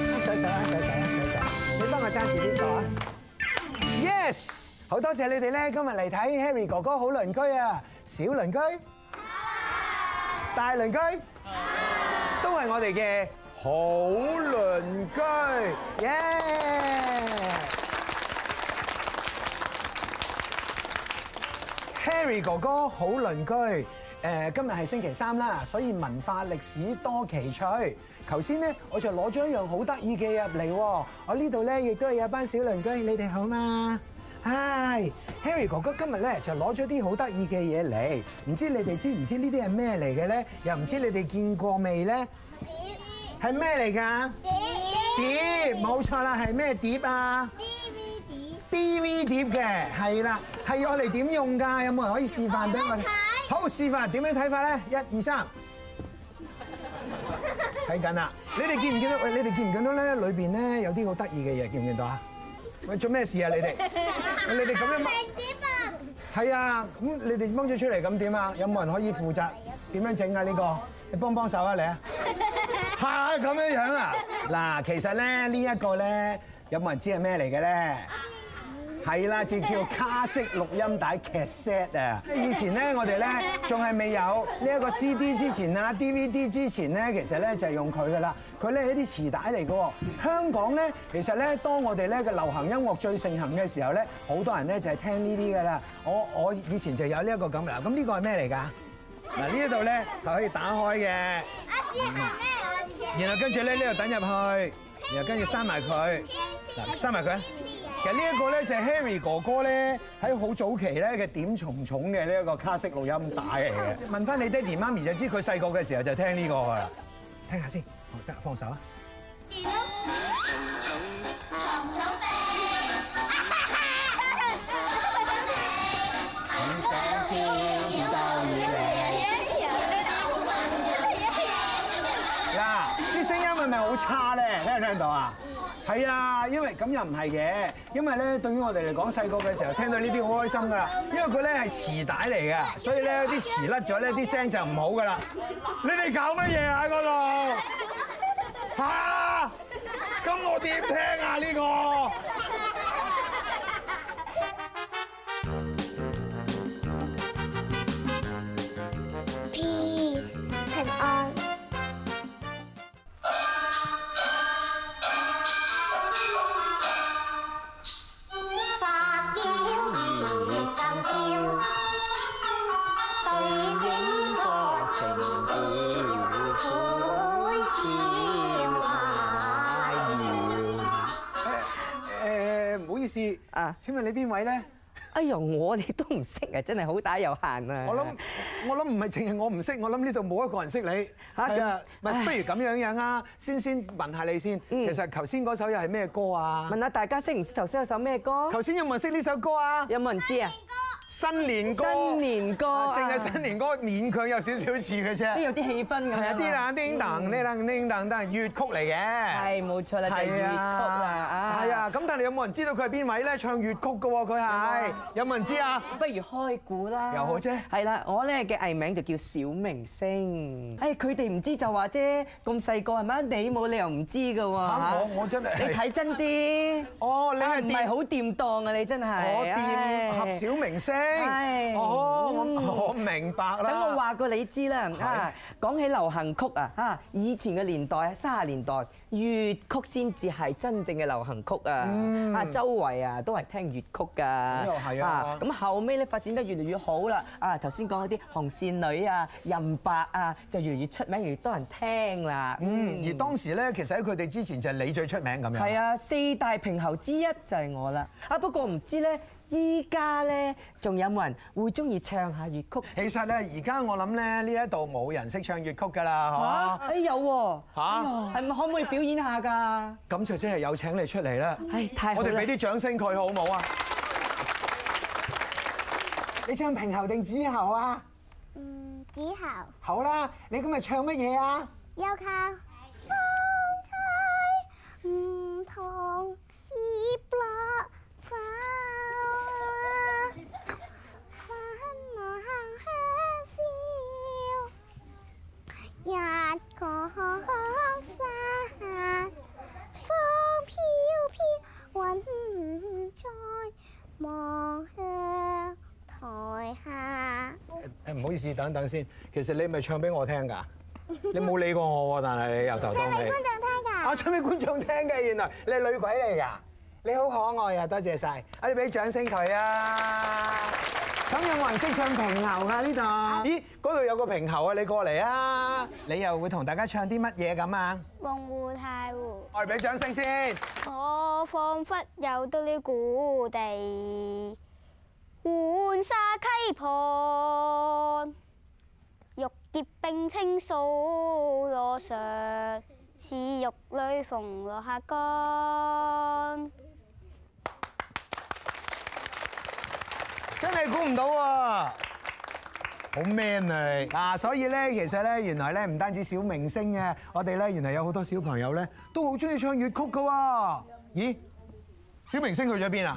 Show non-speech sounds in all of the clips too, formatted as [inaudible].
上上啦，上上啦，上上！你幫我揸住呢個啊！Yes，好多謝你哋咧，今日嚟睇 Harry 哥哥好鄰居啊，小鄰居，大鄰居，都係我哋嘅好鄰居，Yeah！Harry 哥哥好鄰居，誒，今日係星期三啦，所以文化歷史多奇趣。頭先咧，我就攞咗一樣好得意嘅入嚟喎。我呢度咧亦都係有班小鄰居，你哋好嘛？唉，Harry 哥哥今日咧就攞咗啲好得意嘅嘢嚟，唔知你哋知唔知呢啲係咩嚟嘅咧？又唔知你哋見過未咧？碟係咩嚟㗎？碟，碟，冇錯啦，係咩碟啊？DVD DVD 碟嘅，係啦，係要我哋點用㗎？有冇人可以示範俾我哋？好，示範點樣睇法咧？一二三。睇緊啊！你哋見唔見到？喂，你哋見唔見到咧？裏邊咧有啲好得意嘅嘢，見唔見到啊？喂，做咩事啊？你哋，你哋咁樣，係點啊？係 [laughs] 啊，咁你哋掹咗出嚟咁點啊？有冇人可以負責點樣整啊？呢個，你幫幫手啊！嚟啊！嚇咁樣樣啊？嗱，其實咧呢一個咧，有冇人知係咩嚟嘅咧？係啦，就叫卡式錄音帶 cassette 啊！劇 [laughs] 以前咧，我哋咧仲係未有呢一個 CD 之前啊、DVD 之前咧，其實咧就係用佢噶啦。佢咧係一啲磁帶嚟嘅。香港咧，其實咧，當我哋咧嘅流行音樂最盛行嘅時候咧，好多人咧就係聽呢啲噶啦。我我以前就有呢、這、一個咁啦。咁呢個係咩嚟㗎？嗱，呢度咧係可以打開嘅。阿、啊、然後跟住呢，呢度、啊、等入去。然後跟住閂埋佢，嗱，閂埋佢。其實呢一個咧就係 Harry 哥哥咧喺好早期咧嘅點蟲蟲嘅呢一個卡式錄音帶嚟嘅。問翻你爹哋媽咪就知佢細個嘅時候就聽呢個嘅。聽下先，得放手啦。嗱，啲聲音係咪好差？聽唔聽到啊？係啊，因為咁又唔係嘅，因為咧對於我哋嚟講，細個嘅時候聽到呢啲好開心㗎，因為佢咧係磁帶嚟嘅，所以咧啲磁甩咗咧啲聲就唔好㗎啦。你哋搞乜嘢啊？喺嗰度吓？咁我點聽啊？呢個？啊！請問你邊位咧？哎呀，我哋都唔識啊！真係好打有限啊，我諗！我諗我諗，唔係淨係我唔識，我諗呢度冇一個人識你嚇。唔係，啊啊，不如咁樣樣啊！先唉唉 先問下你先。其實頭先嗰首又係咩歌啊？問下大家識唔知頭先有首咩歌？頭先有冇人識呢首歌啊？有冇人知啊？新年歌，新年歌，正係新年歌，勉強有少少似嘅啫，都有啲氣氛咁，有啲啦，叮噹，叮噹，叮噹，叮噹，都係粵曲嚟嘅。係冇錯啦，就係、是、粵曲啦。係、就、啊、是，咁但係你有冇人知道佢係邊位咧？唱粵曲㗎喎，佢係有冇人知啊？不如開估啦，又好啫。係啦，我咧嘅藝名就叫小明星。哎，佢哋唔知就話啫，咁細個係咪？你冇理由唔知嘅喎。我，我真係你睇真啲。哦，你係唔係好掂當啊？你真係我掂，合小明星。係，是哦我，我明白啦。等我話過你知啦，啊，講起流行曲啊，吓以前嘅年代，卅年代粵曲先至係真正嘅流行曲啊，啊周圍啊都係聽粵曲噶，咁又係啊，咁後尾咧發展得越嚟越好啦，啊頭先講嗰啲紅線女啊、任白啊，就越嚟越出名，越，越多人聽啦。嗯，而當時咧，其實喺佢哋之前就係你最出名咁樣。係啊，四大平喉之一就係我啦。啊不過唔知咧。依家咧，仲有冇人會中意唱下粵曲？其實咧，而家我諗咧，呢一度冇人識唱粵曲噶啦，係、哎、嘛？有喎、啊！嚇、哎，係咪可唔可以表演一下㗎？咁、哎、就即係有請你出嚟啦！係太好啦！我哋俾啲掌聲佢好冇啊！你唱平喉定子喉啊？嗯侯，子喉。好啦，你今日唱乜嘢啊？優卡。等等先，其實你咪唱俾我聽㗎， [laughs] 你冇理過我喎，但係你由頭到尾唱俾觀眾聽㗎。啊，唱俾觀眾聽嘅原來你係女鬼嚟㗎，你好可愛啊，多謝晒！我哋俾掌聲佢啊。咁有冇人識唱平喉㗎呢度？咦，嗰度有個平喉啊，你過嚟啊！ [laughs] 你又會同大家唱啲乜嘢咁啊？夢湖太湖，我哋俾掌聲先。我彷彿又到呢故地。浣沙溪畔，玉潔冰清素羅裳是玉女逢羅客干。真係估唔到啊！好 man 啊！嗱，所以咧，其實咧，原來咧，唔單止小明星嘅，我哋咧，原來有好多小朋友咧，都好中意唱粵曲噶喎。咦、嗯，嗯嗯嗯、小明星去咗邊啊？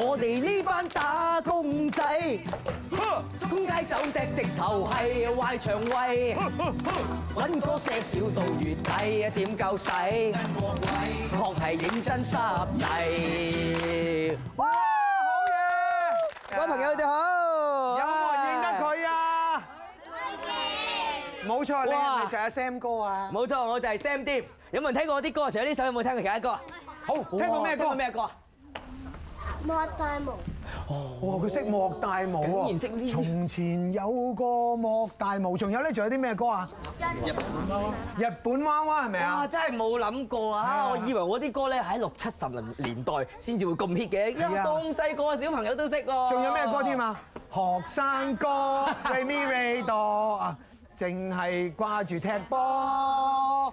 我哋呢班打工仔，通街走趯直頭係壞腸胃，搵個些少到月底，點夠使？確係認真濕滯。哇，好嘢！各位朋友你好，有冇認得佢啊？冇錯，你係咪就係 Sam 哥啊？冇錯，我就係 Sam Dee。有冇人聽過啲歌？除咗呢首，有冇聽過其他歌啊？好，聽過咩歌？咩歌？莫大毛哦，佢識莫大毛喎，從前有個莫大毛，仲有咧，仲有啲咩歌啊？日本歌，日本娃娃係咪啊？真係冇諗過啊！我以為我啲歌咧喺六七十年代先至會咁 hit 嘅，咁細個嘅小朋友都識咯。仲有咩歌添啊？學生歌，Raymi Raydo 啊，淨係掛住踢波。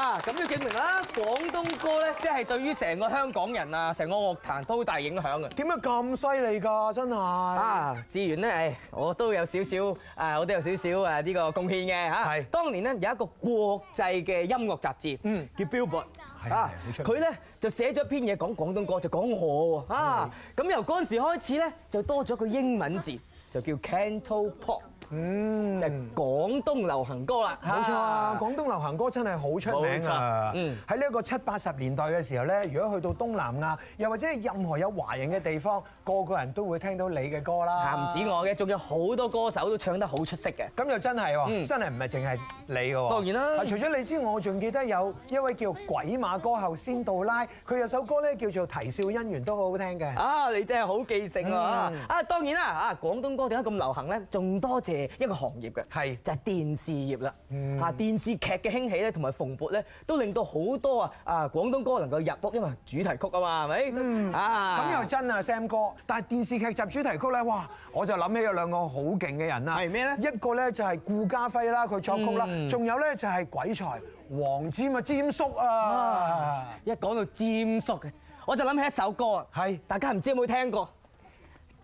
啊，咁要證明啦！廣東歌咧，即係對於成個香港人啊，成個樂壇都好大影響嘅。點解咁犀利㗎？真係啊！志源咧，誒，我都有少少誒，我都有少少誒呢個貢獻嘅嚇。係。當年咧有一個國際嘅音樂雜誌，嗯，叫 Billboard，係啊，佢咧就寫咗一篇嘢講廣東歌，就講我喎。啊，咁由嗰時開始咧，就多咗個英文字，就叫 Cantopop。嗯，就廣東流行歌啦，冇錯啊！廣東流行歌真係好出名啊！嗯，喺呢一個七八十年代嘅時候咧，如果去到東南亞，又或者係任何有華人嘅地方，個個人都會聽到你嘅歌啦。唔止我嘅，仲有好多歌手都唱得好出色嘅。咁又真係喎，真係唔係淨係你嘅喎，當然啦，除咗你之外，我仲記得有一位叫鬼馬歌后仙杜拉，佢有首歌咧叫做《啼笑姻緣》，都好好聽嘅。啊，你真係好記性啊！啊，當然啦，啊，廣東歌點解咁流行咧？仲多謝。一個行業嘅，係就係電視業啦。嚇，電視劇嘅興起咧，同埋蓬勃咧，都令到好多啊啊廣東歌能夠入屋，因為主題曲啊嘛，係咪？嗯、啊，咁又真啊 Sam 哥，但係電視劇集主題曲咧，哇！我就諗起有兩個好勁嘅人啦。係咩咧？一個咧就係顧嘉煇啦，佢作曲啦，仲、嗯、有咧就係鬼才黃霑啊，霑叔啊！一講到霑叔嘅，我就諗起一首歌啊，係，大家唔知有冇聽過？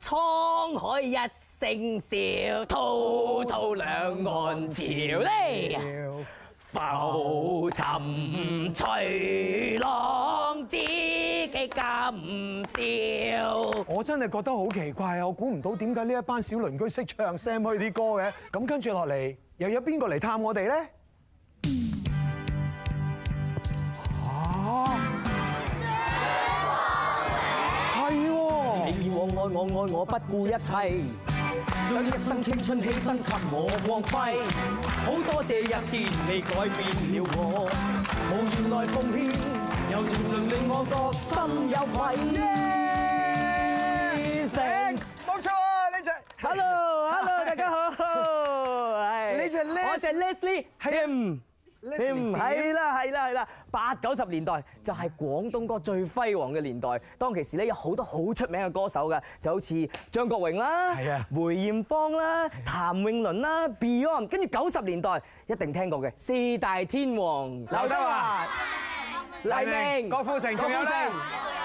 滄海一聲笑，滔滔兩岸潮。呢浮沉隨浪知己何？笑。我真係覺得好奇怪啊！我估唔到點解呢一班小鄰居識唱 Sam 去啲歌嘅，咁跟住落嚟又有邊個嚟探我哋咧？愛我不顧一切，將一生青春犧牲給我光輝。好多謝一天，你改變了我，無言來奉獻 Yeah Thanks，柔情常令我覺心有愧。X，沒錯，呢靜。Hello，Hello，hello，大家好。係，我係 Leslie，係 I 'm 你係啦，係啦，係啦，八九十年代就係、是、廣東歌最輝煌嘅年代。當其時咧，有好多好出名嘅歌手嘅，就好似張國榮啦、了梅艷芳啦、了譚詠麟啦了、Beyond，跟住九十年代一定聽過嘅四大天王。劉德華！黎明、郭富城、張學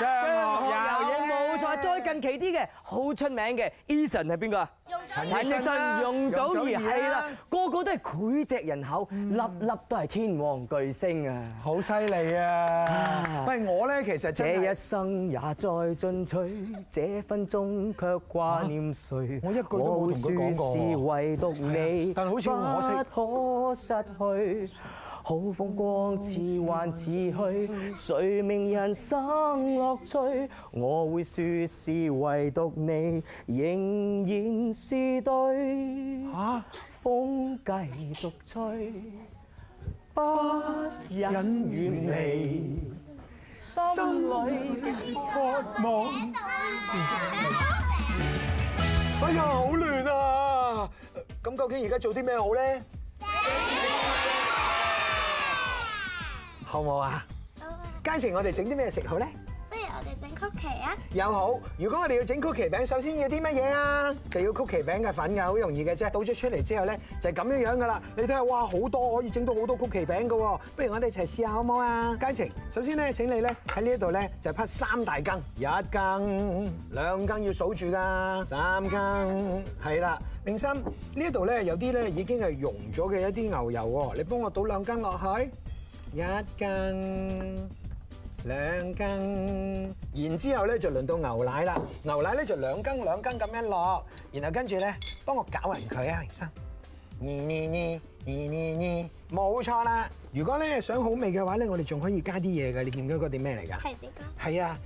友，冇錯，再近期啲嘅，好出名嘅。Eason 係邊個啊？陳奕迅、容祖兒係啦，個個都係膾炙人口，粒粒都係天王巨星啊！好犀利啊！喂，我咧其實真係，這一生也在進取，這分鐘卻掛念誰？我一句都冇同佢講過，唯獨你，但好似不可失去。好風光，似幻似虛，誰明人生樂趣？我會說是唯獨你，仍然是對。風繼續吹，不忍遠離，心裏渴望。哎呀，好亂啊！咁究竟而家做啲咩好咧？好唔好啊？好啊！佳晴，我哋整啲咩食好咧？不如我哋整曲奇啊！又好，如果我哋要整曲奇餅，首先要啲乜嘢啊？就要曲奇餅嘅粉嘅，好容易嘅啫。倒咗出嚟之後咧，就係咁樣樣噶啦。你睇下，哇，好多可以整到好多曲奇餅噶。不如我哋一齊試下好唔好啊？佳晴，首先咧，請你咧喺呢一度咧就滗三大羹，一羹、兩羹要數住噶，三羹係啦。明心，呢一度咧有啲咧已經係溶咗嘅一啲牛油，你幫我倒兩羹落去。一斤、兩斤，然之後咧就輪到牛奶啦。牛奶咧就兩斤兩斤咁一落，然後跟住咧幫我攪勻佢啊，明生。二二二二二二，冇錯啦。如果咧想好味嘅話咧，我哋仲可以加啲嘢㗎。你見到嗰啲咩嚟㗎？係啲咩？係啊，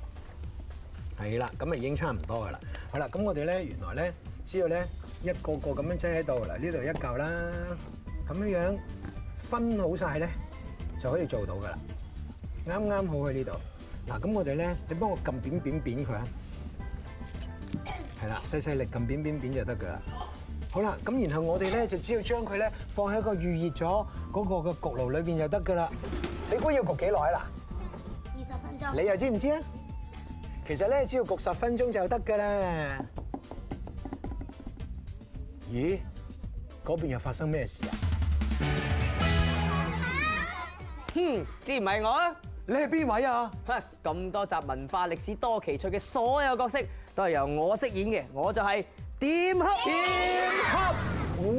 係啦。咁啊已經差唔多㗎啦。係啦，咁我哋咧原來咧，只要咧一個個咁樣擠喺度。嗱，呢度一嚿啦，咁樣樣分好曬咧。就可以做到噶啦，啱啱好喺呢度。嗱，咁我哋咧，你幫我撳扁扁扁佢啊，係啦，細細力撳扁扁扁就得噶啦。好啦，咁然後我哋咧就只要將佢咧放喺個預熱咗嗰個嘅焗爐裏邊就得噶啦。你估要焗幾耐啦？二十分鐘。你又知唔知啊？其實咧，只要焗十分鐘就得噶啦。咦？嗰邊又發生咩事啊？嗯，自然唔係我啦。你係邊位啊？吓咁多集文化歷史多奇趣嘅所有角色，都係由我飾演嘅。我就係掂俠掂俠。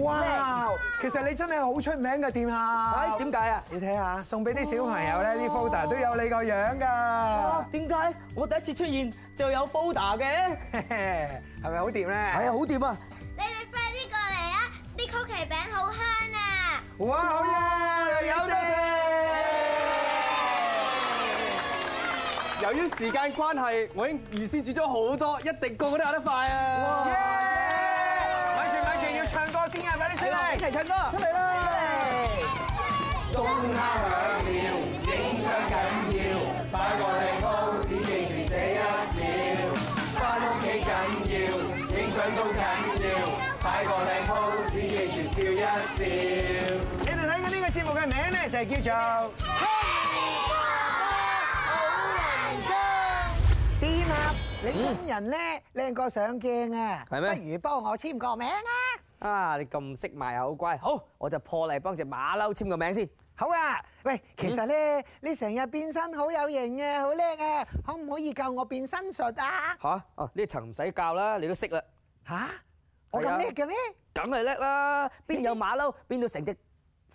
哇！其實你真係好出名嘅掂俠。哎，點解啊？你睇下，送俾啲小朋友咧，呢啲 folder 都有你個樣噶。點解我第一次出現就有 folder 嘅？係咪好掂咧？係啊，好掂啊！你哋快啲過嚟啊！啲曲奇餅好香啊！哇，好啊，有得食。由於時間關係，我已經預先煮咗好多，一定個個都咬得快啊！咪住咪住，要唱歌先啊！快啲出嚟，一齊唱歌！出嚟啦！中間兩秒，影相緊要，擺個靚 pose 只記住這一秒，翻屋企緊要，影相都緊要，擺個靚 pose 只記住笑一笑。你哋睇緊呢個節目嘅名咧，就是，就係叫做。你本人咧靚過相鏡啊，不如幫我簽個名啊！啊，你咁識賣口乖，好，我就破例幫隻馬騮簽個名先。好啊，喂，其實咧，你成日變身好有型啊，好靚啊，可唔可以教我變身術啊？嚇！哦，呢層唔使教啦，你都識啦。嚇！我教咩？教咩？梗係叻啦，邊有馬騮變到成隻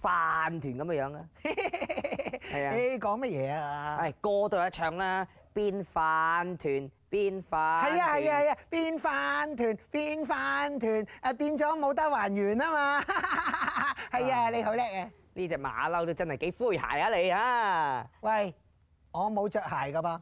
飯團咁嘅樣啊！係啊！你講乜嘢啊？係歌都有一唱啦，變飯團。啊啊啊啊、變返，係啊，係啊，係啊，變返團，變返團，誒，變咗冇得還原啊嘛。係啊，你好叻啊！呢隻馬騮都真係幾灰鞋啊你啊。喂，我冇着鞋㗎噃。